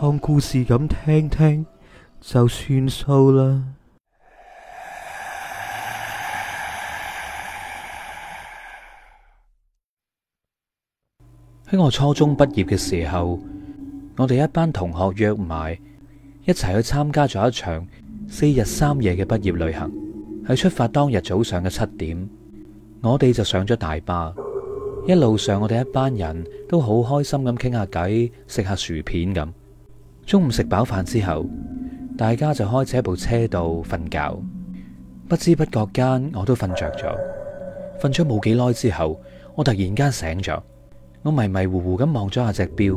當故事咁聽聽就算數啦。喺我初中畢業嘅時候，我哋一班同學約埋一齊去參加咗一場四日三夜嘅畢業旅行。喺出發當日早上嘅七點，我哋就上咗大巴。一路上，我哋一班人都好開心咁傾下偈，食下薯片咁。中午食飽飯之後，大家就開住一部車度瞓覺。不知不覺間，我都瞓着咗。瞓咗冇幾耐之後，我突然間醒咗。我迷迷糊糊咁望咗下隻表，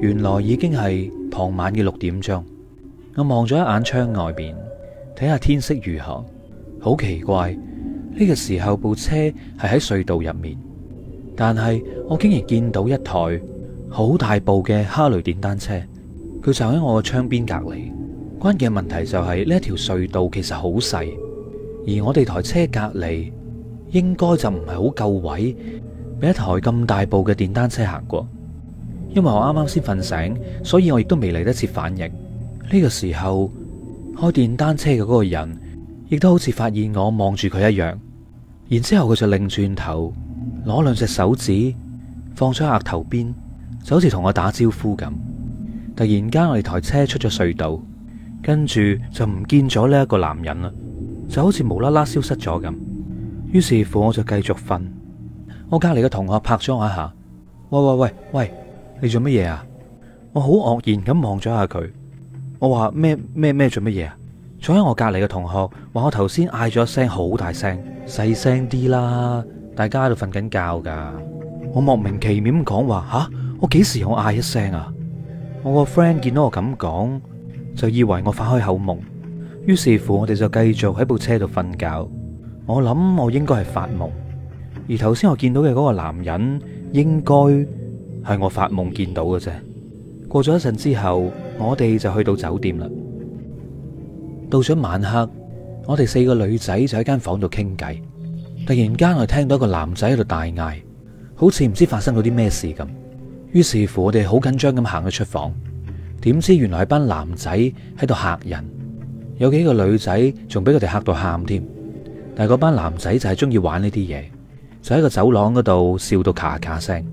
原來已經係傍晚嘅六點鐘。我望咗一眼窗外面，睇下天色如何。好奇怪，呢個時候部車係喺隧道入面，但係我竟然見到一台好大部嘅哈雷電單車。佢就喺我嘅窗邊隔離。關鍵嘅問題就係、是、呢一條隧道其實好細，而我哋台車隔離應該就唔係好夠位俾一台咁大部嘅電單車行過。因為我啱啱先瞓醒，所以我亦都未嚟得切反應。呢、這個時候開電單車嘅嗰個人亦都好似發現我望住佢一樣，然之後佢就擰轉頭，攞兩隻手指放咗喺額頭邊，就好似同我打招呼咁。突然間，我哋台車出咗隧道，跟住就唔見咗呢一個男人啦，就好似無啦啦消失咗咁。於是乎，我就繼續瞓。我隔籬嘅同學拍咗我一下：喂喂喂喂，你做乜嘢啊？我好愕然咁望咗下佢，我話咩咩咩做乜嘢啊？坐喺我隔籬嘅同學話：我頭先嗌咗一聲好大聲，細聲啲啦，大家喺度瞓緊覺噶。我莫名其妙咁講話：吓，我幾時有嗌一聲啊？我個 friend 見到我咁講，就以為我發開口夢，於是乎我哋就繼續喺部車度瞓覺。我諗我應該係發夢，而頭先我見到嘅嗰個男人，應該係我發夢見到嘅啫。過咗一陣之後，我哋就去到酒店啦。到咗晚黑，我哋四個女仔就喺間房度傾偈。突然間我聽到一個男仔喺度大嗌，好似唔知發生咗啲咩事咁。於是乎，我哋好緊張咁行咗出房，點知原來係班男仔喺度嚇人，有幾個女仔仲俾佢哋嚇到喊添。但係嗰班男仔就係中意玩呢啲嘢，就喺個走廊嗰度笑到咔咔聲。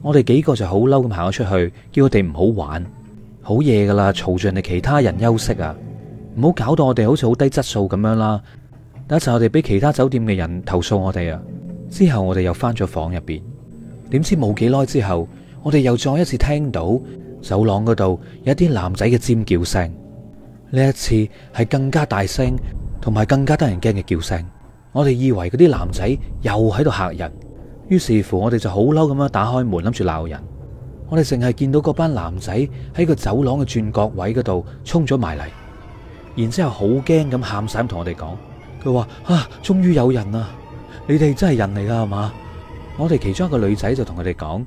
我哋幾個就好嬲咁行咗出去，叫佢哋唔好玩，好夜噶啦，嘈住人哋其他人休息啊，唔好搞到我哋好似好低質素咁樣啦。等一陣我哋俾其他酒店嘅人投訴我哋啊。之後我哋又翻咗房入邊，點知冇幾耐之後。我哋又再一次聽到走廊嗰度有一啲男仔嘅尖叫聲，呢一次係更加大聲，同埋更加得人驚嘅叫聲。我哋以為嗰啲男仔又喺度吓人，於是乎我哋就好嬲咁樣打開門諗住鬧人。我哋淨係見到嗰班男仔喺個走廊嘅轉角位嗰度衝咗埋嚟，然之後好驚咁喊散同我哋講，佢話啊，終於有人啦，你哋真係人嚟㗎係嘛？我哋其中一個女仔就同佢哋講。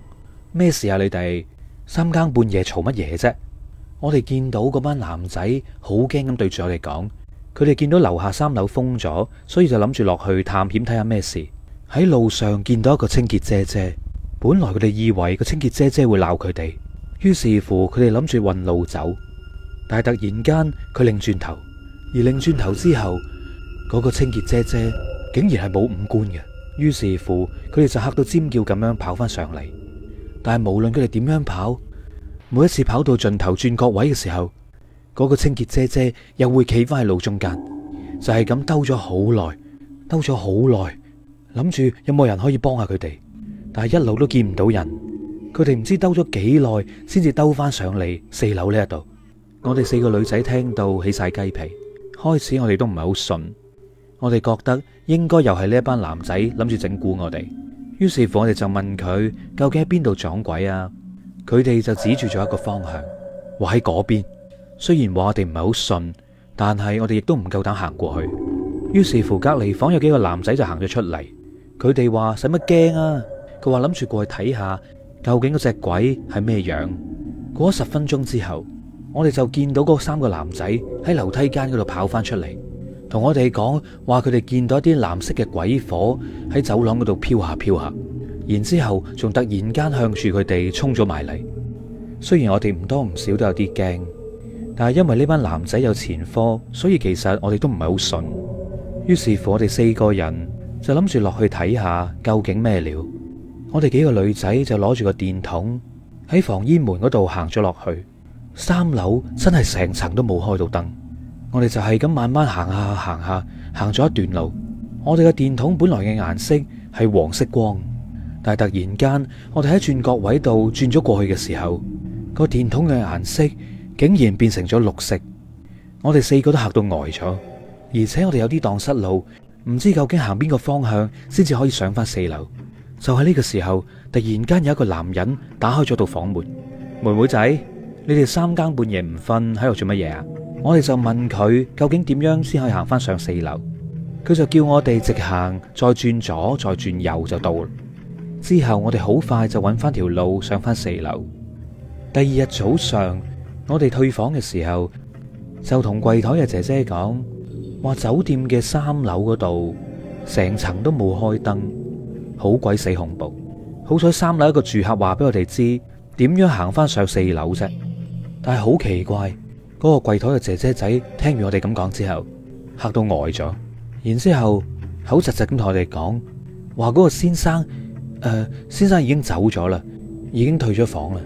咩事啊？你哋三更半夜嘈乜嘢啫？我哋見到嗰班男仔好驚咁對住我哋講，佢哋見到樓下三樓封咗，所以就諗住落去探險睇下咩事。喺路上見到一個清潔姐姐，本來佢哋以為個清潔姐姐會鬧佢哋，於是乎佢哋諗住運路走。但係突然間佢擰轉頭，而擰轉頭之後，嗰個清潔姐姐竟然係冇五官嘅，於是乎佢哋就吓到尖叫咁樣跑翻上嚟。但係無論佢哋點樣跑，每一次跑到盡頭轉角位嘅時候，嗰個清潔姐姐又會企返喺路中間，就係咁兜咗好耐，兜咗好耐，諗住有冇人可以幫下佢哋，但係一路都見唔到人，佢哋唔知兜咗幾耐先至兜翻上嚟四樓呢一度。我哋四個女仔聽到起晒雞皮，開始我哋都唔係好信，我哋覺得應該又係呢一班男仔諗住整蠱我哋。於是乎，我哋就問佢究竟喺邊度撞鬼啊？佢哋就指住咗一個方向，話喺嗰邊。雖然話我哋唔係好信，但係我哋亦都唔夠膽行過去。於是乎，隔籬房有幾個男仔就行咗出嚟。佢哋話使乜驚啊？佢話諗住過去睇下究竟嗰隻鬼係咩樣。過咗十分鐘之後，我哋就見到嗰三個男仔喺樓梯間嗰度跑翻出嚟。同我哋講話，佢哋見到一啲藍色嘅鬼火喺走廊嗰度飄下飄下，然之後仲突然間向住佢哋衝咗埋嚟。雖然我哋唔多唔少都有啲驚，但係因為呢班男仔有前科，所以其實我哋都唔係好信。於是乎，我哋四個人就諗住落去睇下究竟咩料。我哋幾個女仔就攞住個電筒喺防煙門嗰度行咗落去，三樓真係成層都冇開到燈。我哋就係咁慢慢行下行下行咗一段路，我哋嘅電筒本來嘅顏色係黃色光，但係突然間我哋喺轉角位度轉咗過去嘅時候，個電筒嘅顏色竟然變成咗綠色，我哋四個都嚇到呆咗，而且我哋有啲蕩失路，唔知究竟行邊個方向先至可以上翻四樓。就喺呢個時候，突然間有一個男人打開咗道房門，妹妹仔，你哋三更半夜唔瞓喺度做乜嘢啊？我哋就問佢究竟點樣先可以行翻上四樓，佢就叫我哋直行，再轉左，再轉右就到啦。之後我哋好快就揾翻條路上翻四樓。第二日早上，我哋退房嘅時候，就同櫃台嘅姐姐講，話酒店嘅三樓嗰度成層都冇開燈，好鬼死恐怖。好彩三樓一個住客話俾我哋知點樣行翻上四樓啫，但係好奇怪。嗰個櫃枱嘅姐姐仔聽完我哋咁講之後，嚇到呆咗，然之後口窒窒咁同我哋講話：嗰個先生，誒、呃、先生已經走咗啦，已經退咗房啦。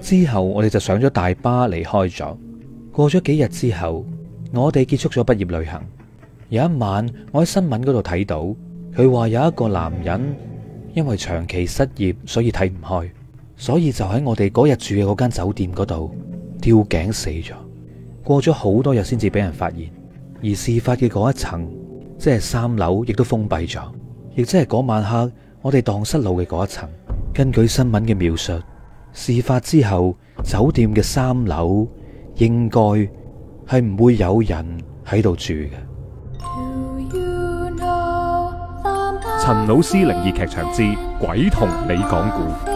之後我哋就上咗大巴離開咗。過咗幾日之後，我哋結束咗畢業旅行。有一晚，我喺新聞嗰度睇到佢話有一個男人因為長期失業，所以睇唔開，所以就喺我哋嗰日住嘅嗰間酒店嗰度吊頸死咗。過咗好多日先至俾人發現，而事發嘅嗰一層，即係三樓，亦都封閉咗，亦即係嗰晚黑我哋蕩失路嘅嗰一層。根據新聞嘅描述，事發之後酒店嘅三樓應該係唔會有人喺度住嘅。陳老師靈異劇場之鬼同你講故。